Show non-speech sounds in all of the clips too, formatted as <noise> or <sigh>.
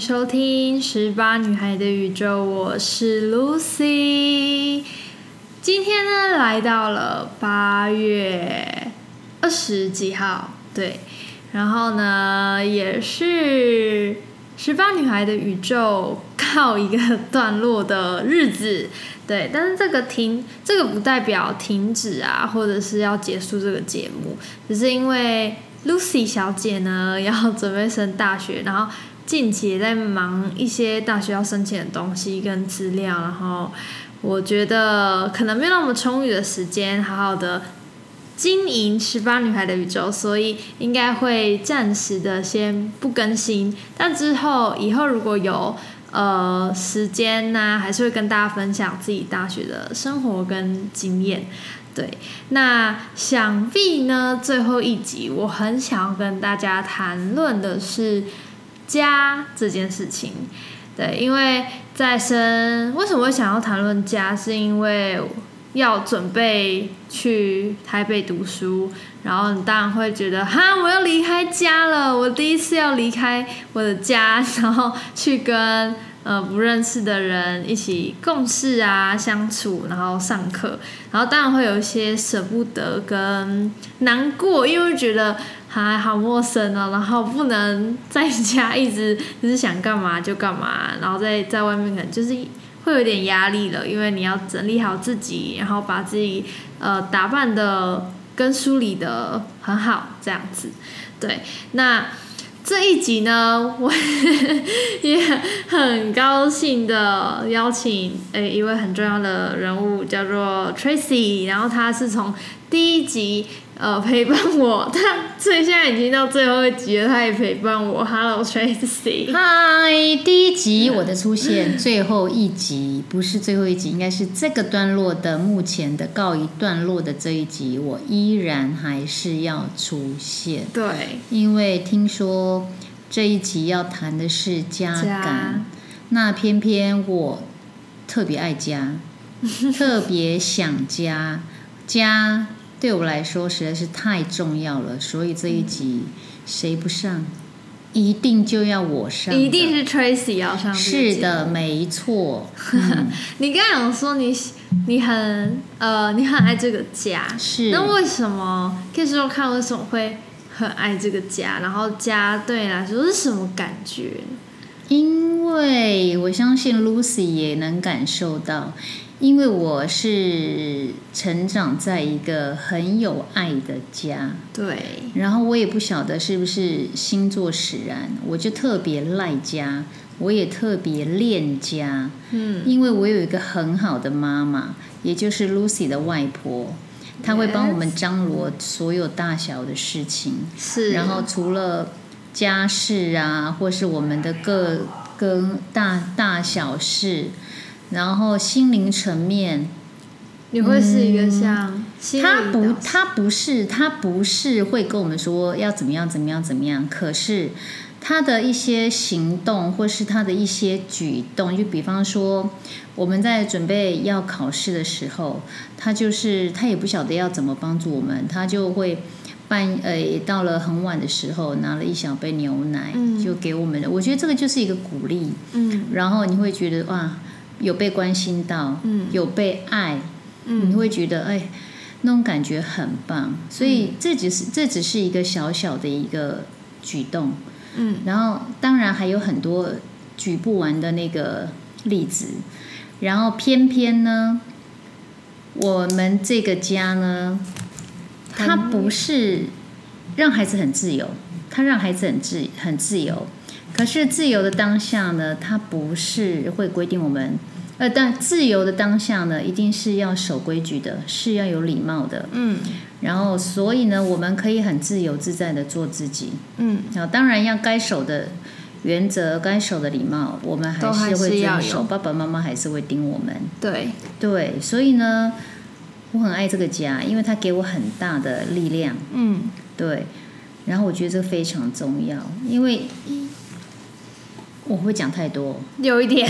收聽十八女孩的宇宙，我是 Lucy。今天呢，來到了八月二十幾號，對，然後呢，也是十八女孩的宇宙告一個段落的日子，對。但是這個停，這個不代表停止啊，或者是要結束這個節目，只是因為 Lucy 小姐呢要準備升大學，然後。近期也在忙一些大學要申請的東西跟資料，然後我覺得可能沒有那麼充裕的時間，好好的經營十八女孩的宇宙，所以應該會暫時的先不更新。但之後以後如果有呃時間呢啊，還是會跟大家分享自己大學的生活跟經驗。對，那想必呢最後一集，我很想要跟大家談論的是。家這件事情，對，因為在生為什麼會想要談論家，是因為要準備去台北讀書，然後你當然會覺得哈，我要離開家了，我第一次要離開我的家，然後去跟。呃，不認識的人一起共事啊，相處，然後上課，然後當然會有一些捨不得跟難過，因為覺得還好陌生哦，然後不能在家一直就是想幹嘛就幹嘛，然後在在外面可能就是會有點壓力了，因為你要整理好自己，然後把自己呃打扮的跟梳理的很好這樣子，對，那。這一集呢，我也很高興的邀請誒一位很重要的人物，叫做 Tracy，然後他是從第一集。呃，陪伴我，他所以現在已經到最後一集了，他也陪伴我。Hello Tracy，嗨，Hi，第一集我的出現，嗯、最後一集不是最後一集，應該是這個段落的目前的告一段落的這一集，我依然還是要出現。對，因為聽說這一集要談的是家感，家，那偏偏我特別愛家，特別想家，家。對我來說實在是太重要了，所以這一集誰不上，嗯、一定就要我上，一定是 Tracy 要上的。是的，沒錯。 <laughs> 嗯、你剛剛說你你很呃，你很愛這個家，是那為什麼？可以說說看，為什麼會很愛這個家？然後家對來說是什麼感覺？因為我相信 Lucy 也能感受到。因為我是成長在一個很有愛的家，對。然後我也不曉得是不是星座使然，我就特別賴家，我也特別戀家。嗯，因為我有一個很好的媽媽，也就是 Lucy 的外婆，她會幫我們張羅所有大小的事情。嗯、是。然後除了家事啊，或是我們的各各大大小事。然後心靈層面，嗯、你會是一個像、嗯、他不，他不是，他不是會跟我們說要怎麼樣，怎麼樣，怎麼樣。可是他的一些行動，或是他的一些舉動，就比方說我們在準備要考試的時候，他就是他也不曉得要怎麼幫助我們，他就會半呃到了很晚的時候，拿了一小杯牛奶，就給我們的。嗯、我覺得這個就是一個鼓勵，嗯，然後你會覺得哇。有被關心到，嗯，有被愛，嗯，你會覺得哎，那種感覺很棒。所以這只是這只是一個小小的一個舉動，嗯，然後當然還有很多舉不完的那個例子。然後偏偏呢，我們這個家呢，它不是讓孩子很自由，它讓孩子很自很自由。可是自由的當下呢，它不是會規定我們。呃，但自由的當下呢，一定是要守規矩的，是要有禮貌的。嗯，然後所以呢，我們可以很自由自在的做自己。嗯，然後當然要該守的原則，該守的禮貌，我們還是會這樣守。要有爸爸媽媽還是會盯我們。對對，所以呢，我很愛這個家，因為他給我很大的力量。嗯，對。然後我覺得這非常重要，因為。我會講太多，有一點，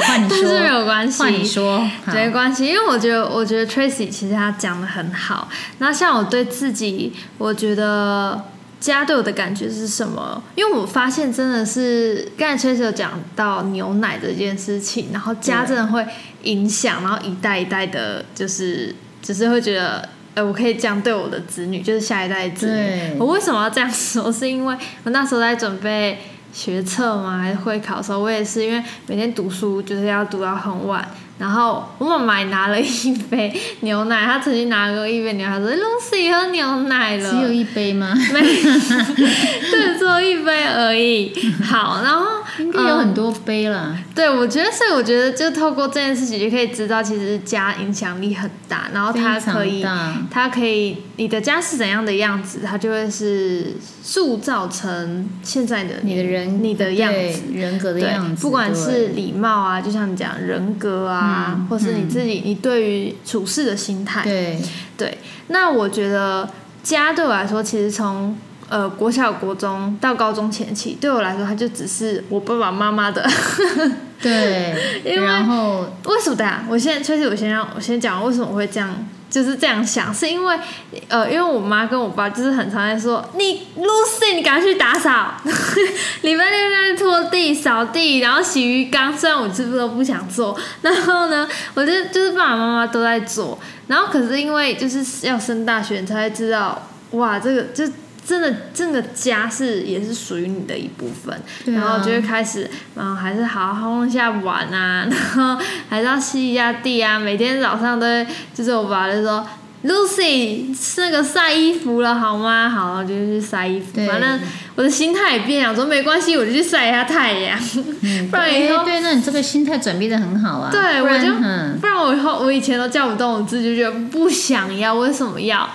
但是沒有關係。換你說，沒關係，因為我覺得，我覺得 Tracy 其實她講得很好。那像我對自己，好我覺得家對我的感覺是什麼？因為我發現真的是剛才 Tracy 有講到牛奶這件事情，然後家真的會影響，對然後一代一代的、就是，就是只是會覺得，呃，我可以這樣對我的子女，就是下一代子女。對我為什麼要這樣說？是因為我那時候在準備。學測嘛？還是會考的時候，我也是，因為每天讀書就是要讀到很晚。然後我媽媽拿了一杯牛奶，她曾經拿過一杯牛奶，她說：“Lucy 喝牛奶了。”只有一杯嗎？沒，就 <laughs> 對 <laughs> 只有一杯而已。好，然後。應該有很多杯了。Um, 對，我覺得，所以我覺得，就透過這件事情，就可以知道，其實家影響力很大。然後它可以，它可以，你的家是怎樣的樣子，它就會是塑造成現在的你，你的人、你的樣子、人格的樣子。對對不管是禮貌啊，就像你講人格啊，嗯、或是你自己，嗯、你對於處事的心態。對對，對，那我覺得家對我來說，其實從。呃，國小、國中到高中前期，對我來說，他就只是我爸爸媽媽的。 <laughs> 對，因為然後為什麼的呀？我現在，確實我先讓我先講為什麼我會這樣，就是這樣想，是因為呃，因為我媽跟我爸就是很常在說：“你 Lucy，你趕快去打掃，禮拜六在拖地、掃地，然後洗魚缸。”雖然我其實都不想做，然後呢，我就就是爸爸媽媽都在做，然後可是因為就是要升大學，你才會知道哇，這個就。真的，真的家是也是屬於你的一部分。啊、然後就會開始，然、嗯、後還是好好弄一下碗啊，然後還是要吸一下地啊。每天早上都會，就是我爸就說：“Lucy，是那個曬衣服了好嗎？”好，我就去曬衣服。反正對我的心態也變了，我說沒關係，我就去晒一下太陽。嗯、 <laughs> 不然以後對，對，那你這個心態轉變的很好啊。對，我就，嗯、不然我以後我以前，都叫不動我自己，就覺得不想要，為什麼要？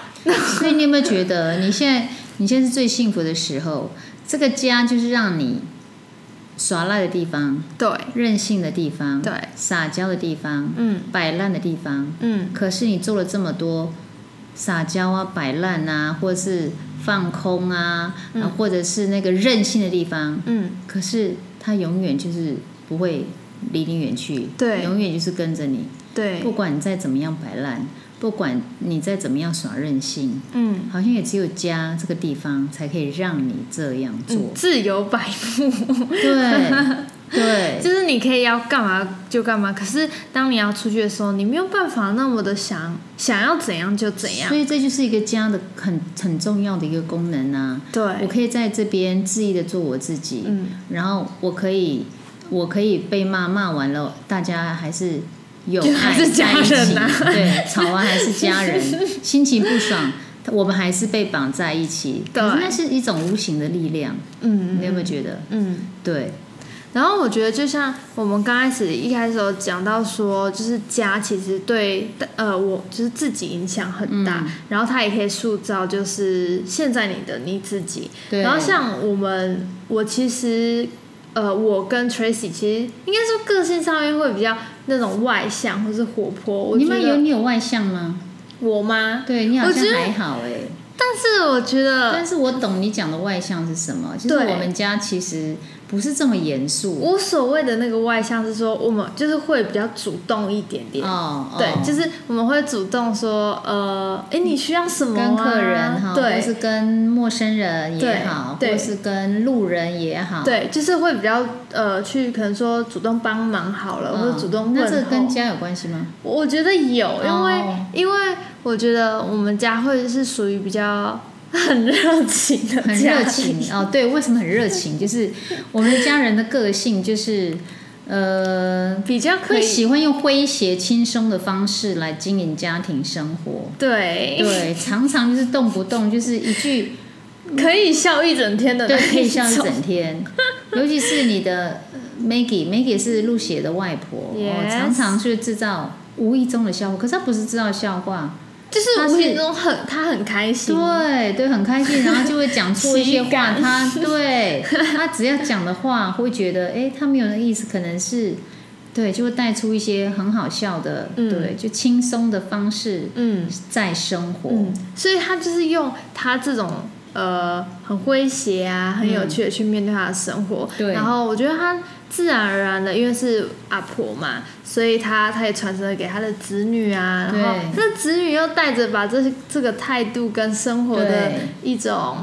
所以你有沒有覺得 <laughs> 你現在？你現在是最幸福的時候，這個家就是讓你耍賴的地方，對；任性的地方，對；撒嬌的地方，嗯；擺爛的地方，嗯。可是你做了這麼多撒嬌啊、擺爛啊，或者是放空啊，嗯、啊，或者是那個任性的地方，嗯。可是它永遠就是不會離你遠去，對，永遠就是跟着你，對，不管你再怎麼樣擺爛。不管你再怎麼樣耍任性，嗯，好像也只有家這個地方才可以讓你這樣做，嗯、自由擺布， <laughs> 對，對，就是你可以要幹嘛就幹嘛。可是當你要出去的時候，你沒有辦法那麽的想想要怎樣就怎樣。所以這就是一個家的很很重要的一個功能啊。對，我可以在這邊恣意的做我自己，嗯，然後我可以我可以被罵罵完了，大家還是。有是還，是、啊、還是家人，對，吵完還是家人，心情不爽，我們還是被綁在一起，對，可是那是一種無形的力量，嗯，嗯，你有沒有覺得？嗯，對。然後我覺得，就像我們剛開始一開始的時候講到說，就是家其實對呃我就是自己影響很大，嗯、然後他也可以塑造就是現在你的你自己。對，然後像我們，我其實呃，我跟 Tracy 其實應該說個性上面會比較。那種外向或是活潑，我覺得你有外向嗎？我嗎？對，你好像還好哎、欸，但是我覺得，但是我懂你講的外向是什麼，對就是我們家其實。不是這麼嚴肅，我所謂的那個外向是說，我們就是會比較主動一點點，oh, oh. 對，就是我們會主動說，呃，哎，你需要什麼、啊？跟客人哈、哦，對，或是跟陌生人也好，對或是跟路人也好，對，對，就是會比較呃，去可能說主動幫忙好了，oh. 或者主動問。那這跟家有關係嗎？我覺得有，因為、oh. 因為我覺得我們家會是屬於比較。很熱，很熱情，的，很熱情哦！對，為什麼很熱情？就是我們家人的個性就是，呃，比較可以會喜歡用詼諧輕鬆的方式來經營家庭生活。對對，常常就是動不動就是一句、 <laughs> 嗯、可以笑一整天的，對，可以笑一整天。 <laughs> 尤其是你的 Maggie，Maggie Mag 是露血的外婆，Yes. 我常常去製造無意中的笑話，可是她不是製造笑話。就是中他是那種很，他很開心、啊對，對對很開心，然後就會講出一些話， <laughs> 干他對他只要講的話 <laughs> 會覺得，哎，他沒有那意思，可能是對，就會帶出一些很好笑的，嗯、對，就輕鬆的方式，嗯，在生活、嗯，所以他就是用他這種呃很詼諧啊，很有趣的去面對他的生活，嗯、對，然後我覺得他。自然而然的，因為是阿婆嘛，所以他他也傳承了給他的子女啊，對然後他的子女又帶着把這這個態度跟生活的一種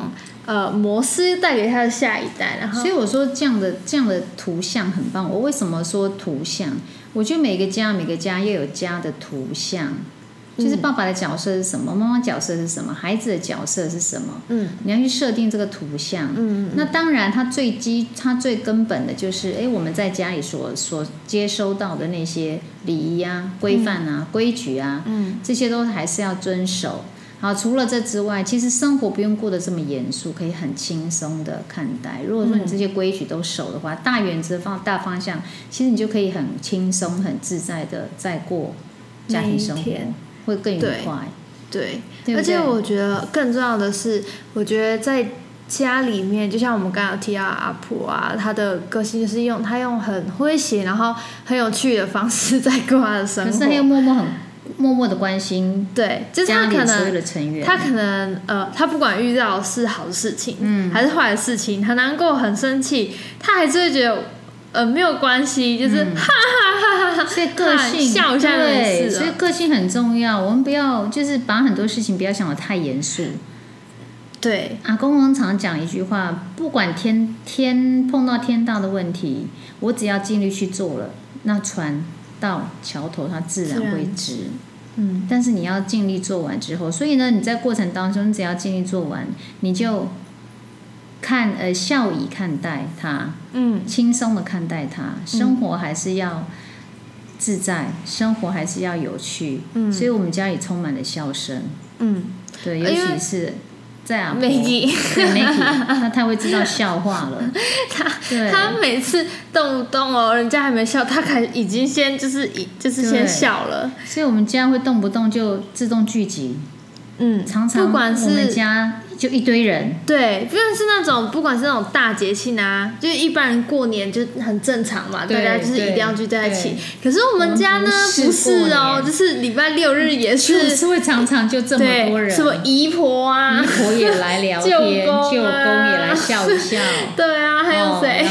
對呃模式帶給他的下一代，然後所以我說這樣的這樣的圖像很棒。我為什麼說圖像？我覺得每個家每個家又有家的圖像。嗯、就是爸爸的角色是什麼，媽媽角色是什麼，孩子的角色是什麼？嗯，你要去設定這個圖像。嗯嗯。嗯，那當然，他最基，他最根本的就是，哎，我們在家裡所所接收到的那些禮儀啊、規範啊、嗯、規矩啊，嗯，這些都還是要遵守。嗯、好，除了這之外，其實生活不用過得這麼嚴肅，可以很輕鬆的看待。如果說你這些規矩都守的話，嗯、大原則、放大方向，其實你就可以很輕鬆、很自在的再過家庭生活。會更愉快對，對。對對，而且我覺得更重要的是，我覺得在家裡面，就像我們剛剛提到的阿婆啊，她的個性是用她用很詼諧，然後很有趣的方式在過她的生活，可是，她又默默很默默的關心的。對，就是家裡所有的成員，她可能，她可能呃，她不管遇到是好的事情，嗯，還是壞的事情，很難過，很生氣，她還是會覺得。呃，沒有關係，就是哈哈、嗯、哈哈哈哈，所以個性，哈哈對，所以個性很重要。我們不要就是把很多事情不要想得太嚴肅。對啊，阿公公常常講一句話，不管天天碰到天大的問題，我只要盡力去做了，那船到橋頭它自然會直。對嗯，但是你要盡力做完之後，所以呢，你在過程當中，你只要盡力做完，你就。看呃，笑意看待他，嗯，輕鬆地看待他，生活還是要自在，生活還是要有趣，嗯，所以我們家也充滿了笑聲，嗯，對，尤其是在阿婆，哈哈哈哈他太會製造笑話了，他他每次動不動哦，人家還沒笑，他開已經先就是已就是先笑了，所以我們家會動不動就自動聚集，嗯，常常我們家就一堆人，對，不論是那種，不管是那種大節慶啊，就是一般人過年就很正常嘛，大家就是一定要聚在一起。可是我們家呢，不是哦，就是禮拜六日也是，是會常常就這麼多人，什麼姨婆啊，姨婆也來聊天，舅公也來笑笑，對啊，還有誰？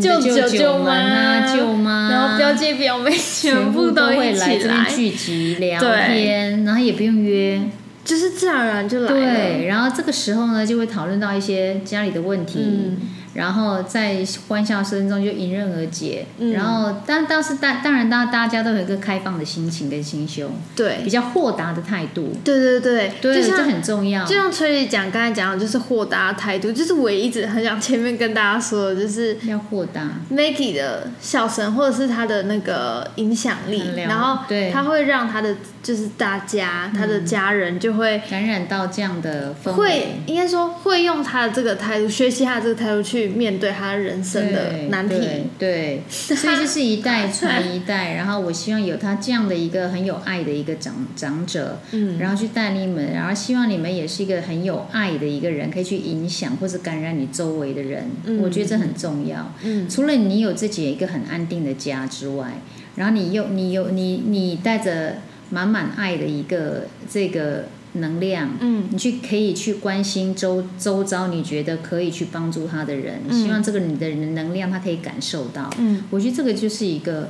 舅舅舅媽、舅媽，然後表姐表妹全部都會來這邊聚集聊天，然後也不用約。就是自然而然就來了。對，然後這個時候呢，就會討論到一些家裡的問題。嗯。然後在歡笑聲中就迎刃而解。嗯、然後，但但是，但當然，大家都有一個開放的心情跟心胸，對，比較豁達的態度。對、對對對，對，就像這很重要。就像崔麗講，剛才講的就是豁達的態度。就是我也一直很想前面跟大家說，的，就是要豁達。Maggie 的笑聲或者是他的那個影響力，然後他會讓他的就是大家，嗯、他的家人就會，會感染到這樣的氛圍。會應該說，會用他的這個態度，學習他的這個態度去。去面對他人生的難題，對、對、對，所以就是一代傳 <laughs> 一代。然後我希望有他這樣的一個很有愛的一個長長者，嗯，然後去帶你們，然後希望你們也是一個很有愛的一個人，可以去影響或是感染你周圍的人。嗯，我覺得這很重要。嗯，除了你有自己有一個很安定的家之外，然後你又，你有你你帶着滿滿愛的一個這個。能量，嗯，你去可以去關心周周遭，你覺得可以去幫助他的人，希望這個你的能量他可以感受到。嗯，我覺得這個就是一個，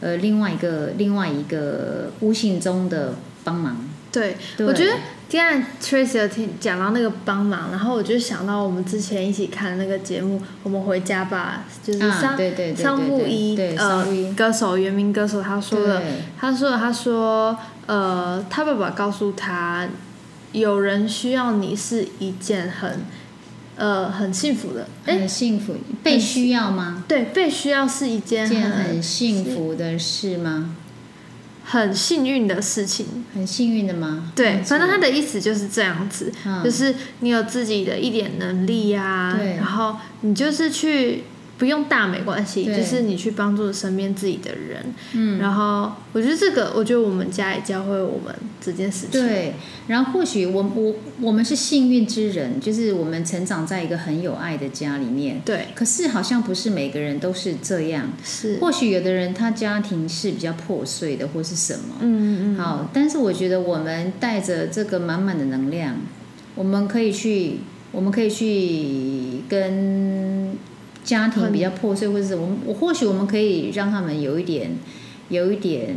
呃，另外一個另外一個無形中的幫忙。對，對我覺得剛才 Tracy 有聽講到那個幫忙，然後我就想到我們之前一起看的那個節目《我們回家吧》，就是商、啊、對對對呃歌手原名歌手他說的，對他說他說。呃，他爸爸告訴他，有人需要你是一件很，呃，很幸福的，很幸福，被需要嗎、嗯？對，被需要是一件很，一件很幸福的事嗎？很幸運的事情，很幸運的嗎？對，反正他的意思就是這樣子，嗯、就是你有自己的一點能力呀、啊，對，然後你就是去。不用大沒關係，對就是你去幫助身邊自己的人。嗯，然後我覺得這個，我覺得我們家也教會我們這件事情。對。然後或許我我我們是幸運之人，就是我們成長在一個很有愛的家裡面。對。可是好像不是每個人都是這樣。是。或許有的人他家庭是比較破碎的，或是什麼。嗯嗯嗯。嗯好，但是我覺得我們帶着這個滿滿的能量，我們可以去，我們可以去跟。家庭比較破碎，或者是我，我或許我們可以讓他們有一點，有一點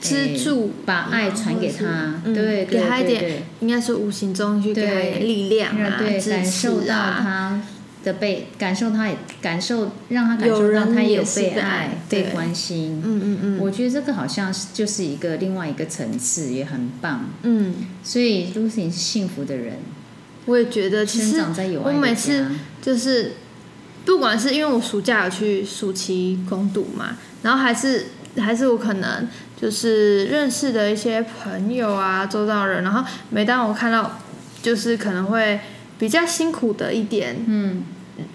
支柱，欸，把愛傳給他，對，對，對、嗯，給他一點，應該是無形中去給他力量，啊、對，對啊、感受到他的被感受他，他也感受，讓他感受，讓他也有被愛、被關心。嗯嗯嗯，嗯嗯我覺得這個好像就是一個另外一個層次，也很棒。嗯，所以 Lucy 是幸福的人，我也覺得其實，成長在有愛我每次就是。不管是因為我暑假有去暑期工讀嘛，然後還是還是我可能就是認識的一些朋友啊，周遭人，然後每當我看到就是可能會比較辛苦的一點，嗯，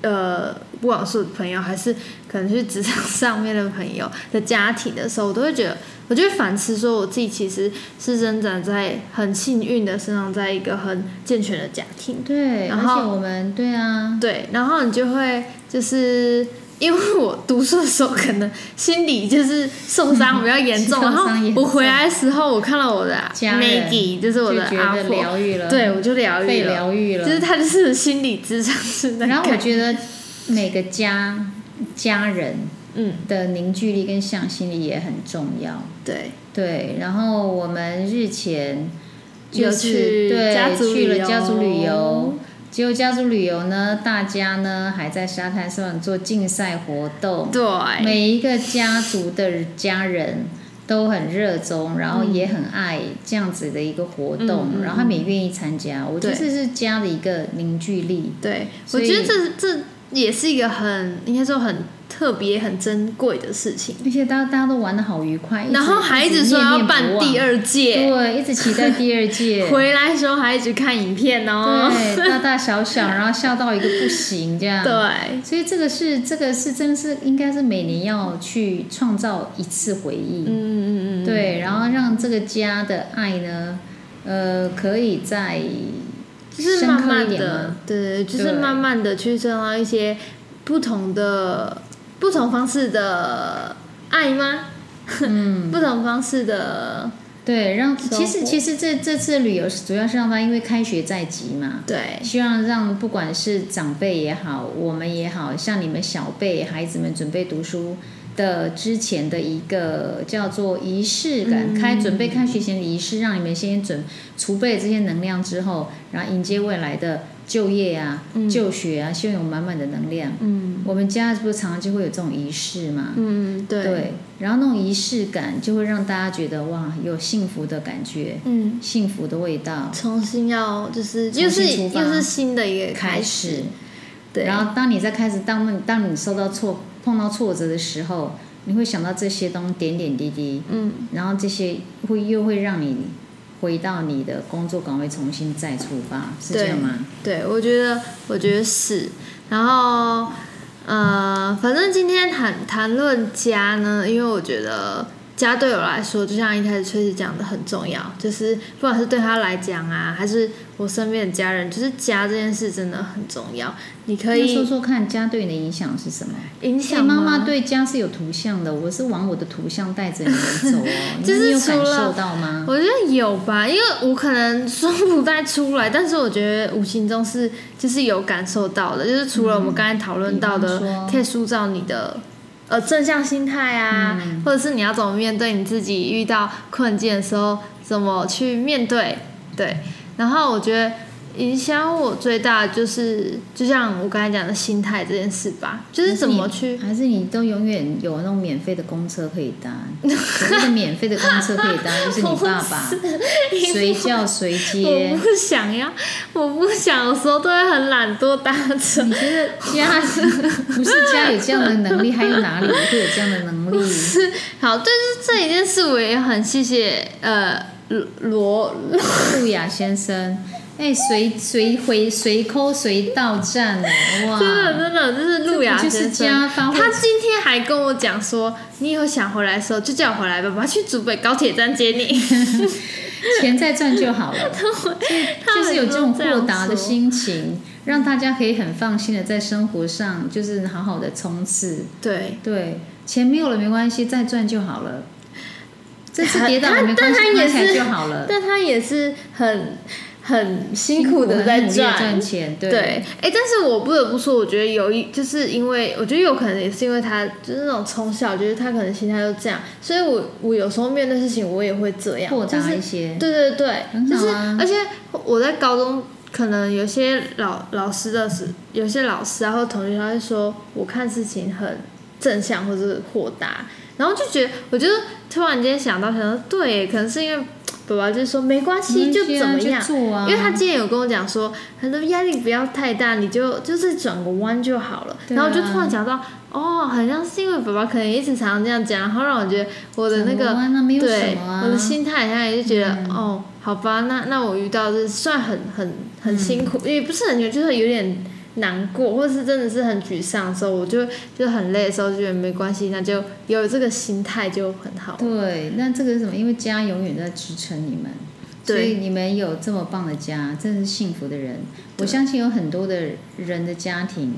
呃，不管是我的朋友還是可能去職場上面的朋友的家庭的時候，我都會覺得，我就會反思說，我自己其實是生長在很幸運的生長在一個很健全的家庭，對，然後而且我們對啊，對，然後你就會。就是因為我讀書的時候，可能心理就是受傷比較嚴重，嗯、然後我回來的時候，我看到我的 Maggie，家人，就是我的阿婆，療癒了對，我就療癒了，療癒了。就是他就是心理支撐、那個，是然後我覺得每個家家人，嗯，的凝聚力跟向心力也很重要。對、嗯、對。然後我們日前就是去家族對去了家族旅遊。結果家族旅遊呢，大家呢還在沙灘上做競賽活動，對，每一個家族的家人都很熱衷，嗯、然後也很愛這樣子的一個活動，嗯嗯、然後他們也願意參加。我覺得這是家的一個凝聚力。對，對，所以我覺得這這。也是一個很應該說很特別、很珍貴的事情，而且大家大家都玩得好愉快。然後直孩子說要辦第二屆，對，一直期待第二屆。 <laughs> 回來的時候還一直看影片哦，對，大大小小， <laughs> 然後笑到一個不行這樣。對，所以這個是這個是真是應該是每年要去創造一次回憶，嗯嗯嗯嗯，對，然後讓這個家的愛呢，呃，可以在。就是慢慢的，對，就是慢慢的去收到一些不同的、對不同方式的愛嗎？嗯， <laughs> 不同方式的，對，讓其實其實這這次旅遊主要是讓他，因為開學在即嘛，對，希望讓不管是長輩也好，我們也好，像你們小輩，孩子們準備讀書。的之前的一個叫做儀式感，嗯、開準備開學前的儀式，讓你們先準儲備這些能量之後，然後迎接未來的就業啊、嗯、就學啊，先有滿滿的能量。嗯，我們家是不是常常就會有這種儀式嘛？嗯對，對。然後那種儀式感就會讓大家覺得哇，有幸福的感覺，嗯，幸福的味道。重新要就是，又是又是新的一個開、開始，對。然後當你在開始，當那當你受到挫碰到挫折的時候，你會想到這些東西點點滴滴，嗯，然後這些會又會讓你回到你的工作崗位，重新再出發，是這樣嗎？對，對，我覺得，我覺得是。然後，呃，反正今天談談論家呢，因為我覺得。家對我來說，就像一開始 Tracy 講的很重要，就是不管是對他來講啊，還是我身邊的家人，就是家這件事真的很重要。你可以你說說看，家對你的影響是什麼？影響媽媽對家是有圖像的，我是往我的圖像帶着你們走哦、喔。 <laughs> 就是你有，有感受到嗎？我覺得有吧，因為我可能說不太出來，但是我覺得無形中是就是有感受到的，就是除了我們剛才討論到的，嗯、可，以可以塑造你的。呃，正向心態啊，嗯、或者是你要怎麼面對你自己遇到困境的時候，怎麼去面對？對，然後我覺得。影響我最大就是，就像我剛才講的心態這件事吧，就是怎麼去，還是，還是你都永遠有那種免費的公車可以搭，那 <laughs> 免費的公車可以搭， <laughs> 就是你爸爸， <laughs> 隨叫隨接。 <laughs> 我不想要，我不想，有時候都會很懶惰搭車。你覺得家是 <laughs> 不是家有這樣的能力，還有哪裡會有這樣的能力？是好，但、就是這一件事我也很謝謝呃。羅路亞先生，哎、欸，隨隨回隨扣隨到站呢？哇，真的真的，這是路亞就是家。他今天還跟我講說，你以後想回來的時候，就叫我回來，吧，我要去祖北高鐵站接你。 <laughs> <laughs> 錢再賺就好了，我就是有這種豁達的心情，讓大家可以很放心的在生活上，就是好好的衝刺。對對，錢沒有了沒關係，再賺就好了。他但他也是很很辛苦的在賺，賺錢，對。哎，但是我不得不說，我覺得有一，就是因為我覺得有可能也是因為他，就是那種從小我覺得他可能心態就這樣，所以我我有時候面對事情我也會這樣，豁達一些，就是。對對對，啊、就是而且我在高中可能有些老老師的、就是，是有些老師啊或同學他會說，我看事情很正向或者豁達。然後就覺得，我就突然間想到，想到對，可能是因為爸爸就說沒關係，嗯、就怎麼樣？樣啊、因為他之前有跟我講說，很多壓力不要太大，你就就是轉個彎就好了。啊、然後我就突然想到，哦，好像是因為爸爸可能一直常常這樣講，然後讓我覺得我的那個，個那、啊、對，我的心態，下也就覺得，嗯、哦，好吧，那那我遇到就算很很很辛苦，也、嗯、不是很就是有點難過，或是真的是很沮喪的時候，我就就很累的時候，就覺得沒關係，那就有這個心態就很好。對，那這個是什麼？因為家永遠在支撐你們，對所以你們有這麼棒的家，真的是幸福的人。對我相信有很多的人的家庭。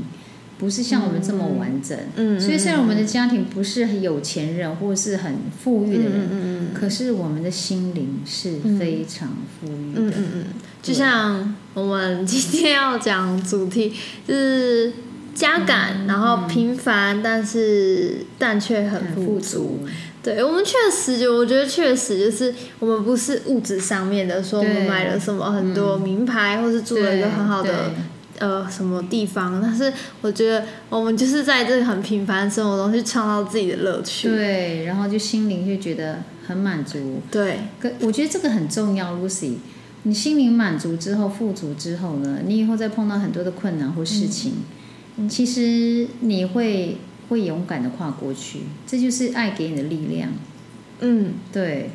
不是像我們這麼完整，嗯，所、嗯、以、嗯、雖然我們的家庭不是很有錢人或是很富裕的人，嗯嗯，嗯，嗯可是我們的心靈是非常富裕的，嗯嗯，嗯，嗯就像我們今天要講主題，就是家感，嗯嗯、然後平凡、嗯，但是但卻很富足。富足對，我們確實就我覺得確實就是我們不是物質上面的，說我們買了什麼很多名牌，嗯、或是住了一個很好的。呃，什麼地方？但是我覺得我們就是在這個很平凡的生活中去創造自己的樂趣。對，然後就心靈就覺得很滿足。對，可我覺得這個很重要，Lucy。你心靈滿足之後、富足之後呢，你以後再碰到很多的困難或事情，嗯，其實你會會勇敢的跨過去。這就是愛給你的力量。嗯，對。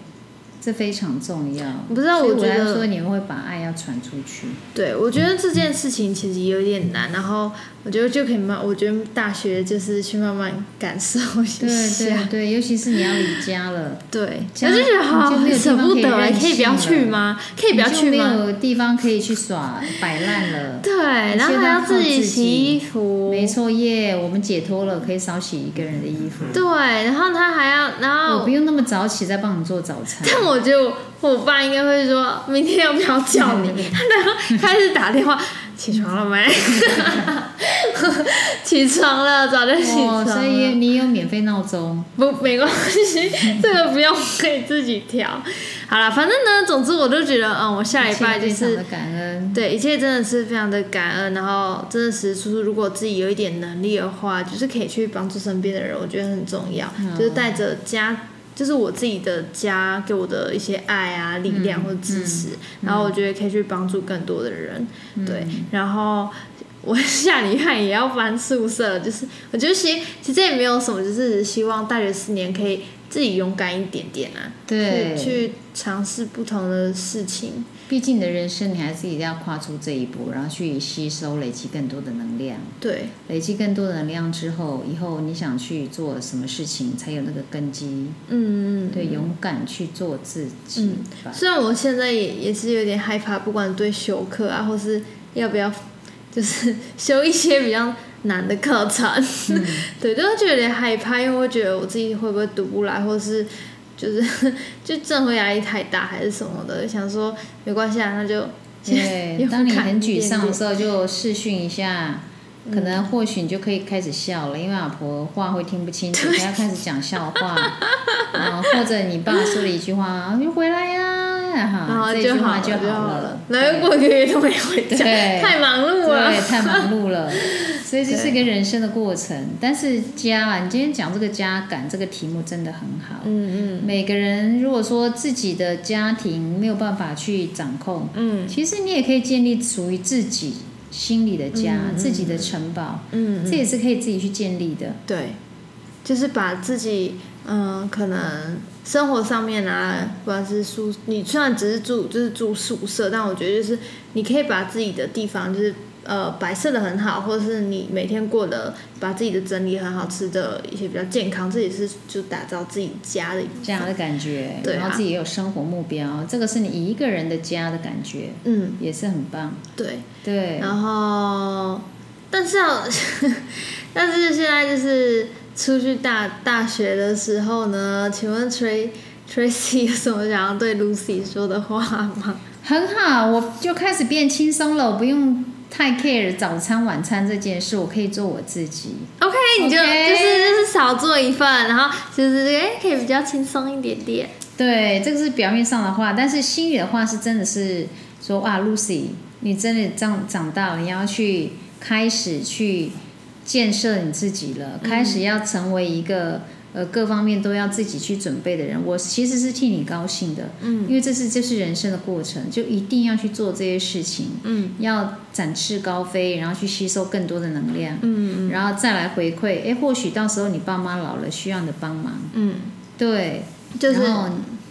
這非常重要。不知道，我覺得我說你們會把愛要傳出去。對，我覺得這件事情其實也有點難。嗯、然後我覺得就可以慢，我覺得大學就是去慢慢感受一下。對對對，尤其是你要離家了。對，我就覺得好舍不得、哎，可以不要去嗎？可以不要去嗎？有地方可以去耍，擺爛了。對，然後還要自己洗衣服。沒錯耶，yeah, 我們解脫了，可以少洗一個人的衣服。對，然後他還要，然後我不用那麼早起再幫你做早餐。但我我就我爸應該會說：“明天要不要叫你？”然後開始打電話：“起床了沒？ <laughs> 起床了，早就起床了。”所以你有免費鬧鐘不？沒關係，這個不用，可以自己調。好了，反正呢，總之我都覺得，嗯，我下禮拜就是非常的感恩，對，一切真的是非常的感恩。然後，真的實出，如果自己有一點能力的話，就是可以去幫助身邊的人，我覺得很重要，嗯、就是帶着家。就是我自己的家給我的一些愛啊、力量或者支持，嗯嗯、然後我覺得可以去幫助更多的人，嗯、對。然後我下禮拜也要搬宿舍，就是我覺得其實其實也沒有什麼，就是希望大學四年可以自己勇敢一點點啊，對，可以去嘗試不同的事情。畢竟你的人生，你還是一定要跨出這一步，然後去吸收、累積更多的能量。對，累積更多的能量之後，以後你想去做什麼事情，才有那個根基。嗯，嗯嗯，對，勇敢去做自己。嗯、吧雖然我現在也也是有點害怕，不管對修課啊，或是要不要，就是修一些比較難的課程。嗯、 <laughs> 對，就是覺得有點害怕，因為我覺得我自己會不會讀不來，或是。就是就生活壓力太大還是什麼的，想說沒關係啊，那就對。當你很沮喪的時候，就視訊一下，可能或許你就可以開始笑了，因為阿婆話會聽不清楚，不要開始講笑話，啊，或者你爸說了一句話，你回來呀，然後這句話就好了。然後過個月都沒回家，對，太忙碌了，對，太忙碌了。所以這是一個人生的過程，對但是家啊，你今天講這個家感這個題目真的很好。嗯嗯。嗯每個人如果說自己的家庭沒有辦法去掌控，嗯，其實你也可以建立屬於自己心裡的家，嗯嗯、自己的城堡。嗯。這也是可以自己去建立的。對，就是把自己，嗯、呃，可能生活上面啊，嗯、不管是,是宿舍，你雖然只是住，就是住宿舍，但我覺得就是你可以把自己的地方就是。呃，白色的很好，或者是你每天過得把自己的整理很好，吃的一些比較健康，這也是就打造自己家的一這樣的感覺，對，然後自己也有生活目標，啊、這個是你一個人的家的感覺，嗯，也是很棒，對對。對，然後，但是、喔、呵呵但是現在就是出去大大學的時候呢，請問 Tracy Tracy 有什麼想要對 Lucy 說的話嗎？很好，我就開始變輕鬆了，我不用。太 care 早餐晚餐這件事，我可以做我自己。OK，, okay 你就就是就是少做一份，然後就是哎，可以比較輕鬆一點點。對，這個是表面上的話，但是心裡的話是真的是說，哇，Lucy，你真的長長大了，你要去開始去建設你自己了，嗯、開始要成為一個。呃，各方面都要自己去準備的人，我其實是替你高興的，嗯，因為這是這是人生的過程，就一定要去做這些事情，嗯，要展翅高飛，然後去吸收更多的能量，嗯嗯，然後再來回饋，哎，或許到時候你爸媽老了，需要你的幫忙，嗯，對，就是，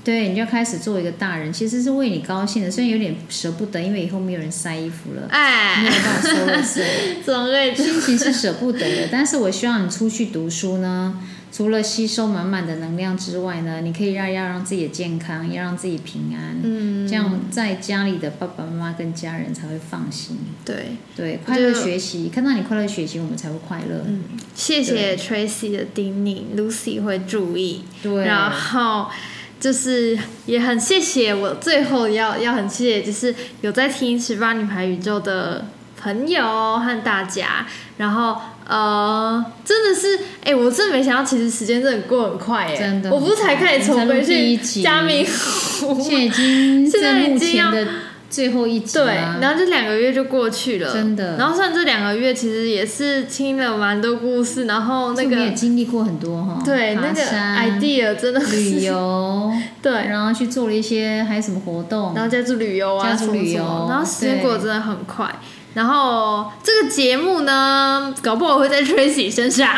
對，你就開始做一個大人，其實是為你高興的，雖然有點捨不得，因為以後沒有人塞衣服了，哎，哈哈哈哈哈，所以，心情是捨不得的，但是我希望你出去讀書呢。除了吸收滿滿的能量之外呢，你可以讓要讓自己的健康，要讓自己平安，嗯，這樣在家裡的爸爸媽媽跟家人才會放心。對對，快樂學習，就看到你快樂學習，我們才會快樂。嗯，謝謝 Tracy 的叮嚀，Lucy 會注意。對，然後就是也很謝謝我最後要要很謝謝，就是有在聽十八女孩宇宙的朋友和大家，然後。呃，真的是，哎、欸，我真的沒想到，其實時間真的過很快，欸，哎，真的，我不是才開始重溫去嘉明，現在已經現在目前的最後一集，對，然後這兩個月就過去了，真的，然後算這兩個月，其實也是聽了蠻多故事，然後那個你也經歷過很多哈，對，山那個 idea 真的旅遊遊，對，然後去做了一些，還有什麼活動，啊、然後再做旅遊啊，住旅遊，然後時間過真的很快。然後這個節目呢，搞不好會在 Tracy 身上，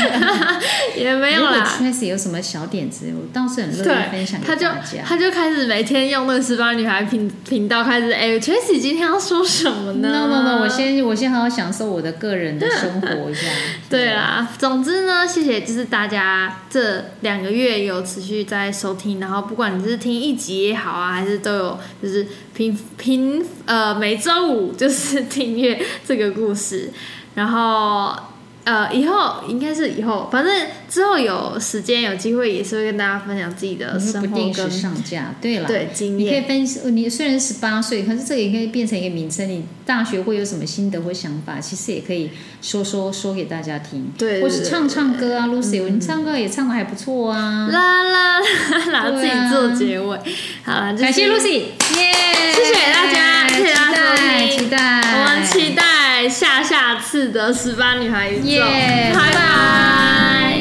<laughs> 也沒有啦。Tracy 有什麼小點子，我倒是很樂意分享給大家。他就他就開始每天用那個十八女孩頻頻道開始，哎，Tracy 今天要說什麼呢？No No No，我先我先好好享受我的個人的生活一下。 <laughs> 對啊，總之呢，謝謝，就是大家這兩個月有持續在收聽，然後不管你是聽一集也好啊，還是都有，就是平平呃每週五就是。是訂閱這個故事，然後。呃，以後應該是以後，反正之後有時間有機會也是會跟大家分享自己的生活跟對經驗。你可以分析，你雖然十八歲，可是這也可以變成一個名稱。你大學會有什麼心得或想法，其實也可以說說說給大家聽。對，或是唱唱歌啊，Lucy，你唱歌也唱的還不錯啊。啦啦啦，自己做結尾。好了，感謝 Lucy，謝謝大家，謝謝大家，期待我們期待下下次的十八女孩。拜拜。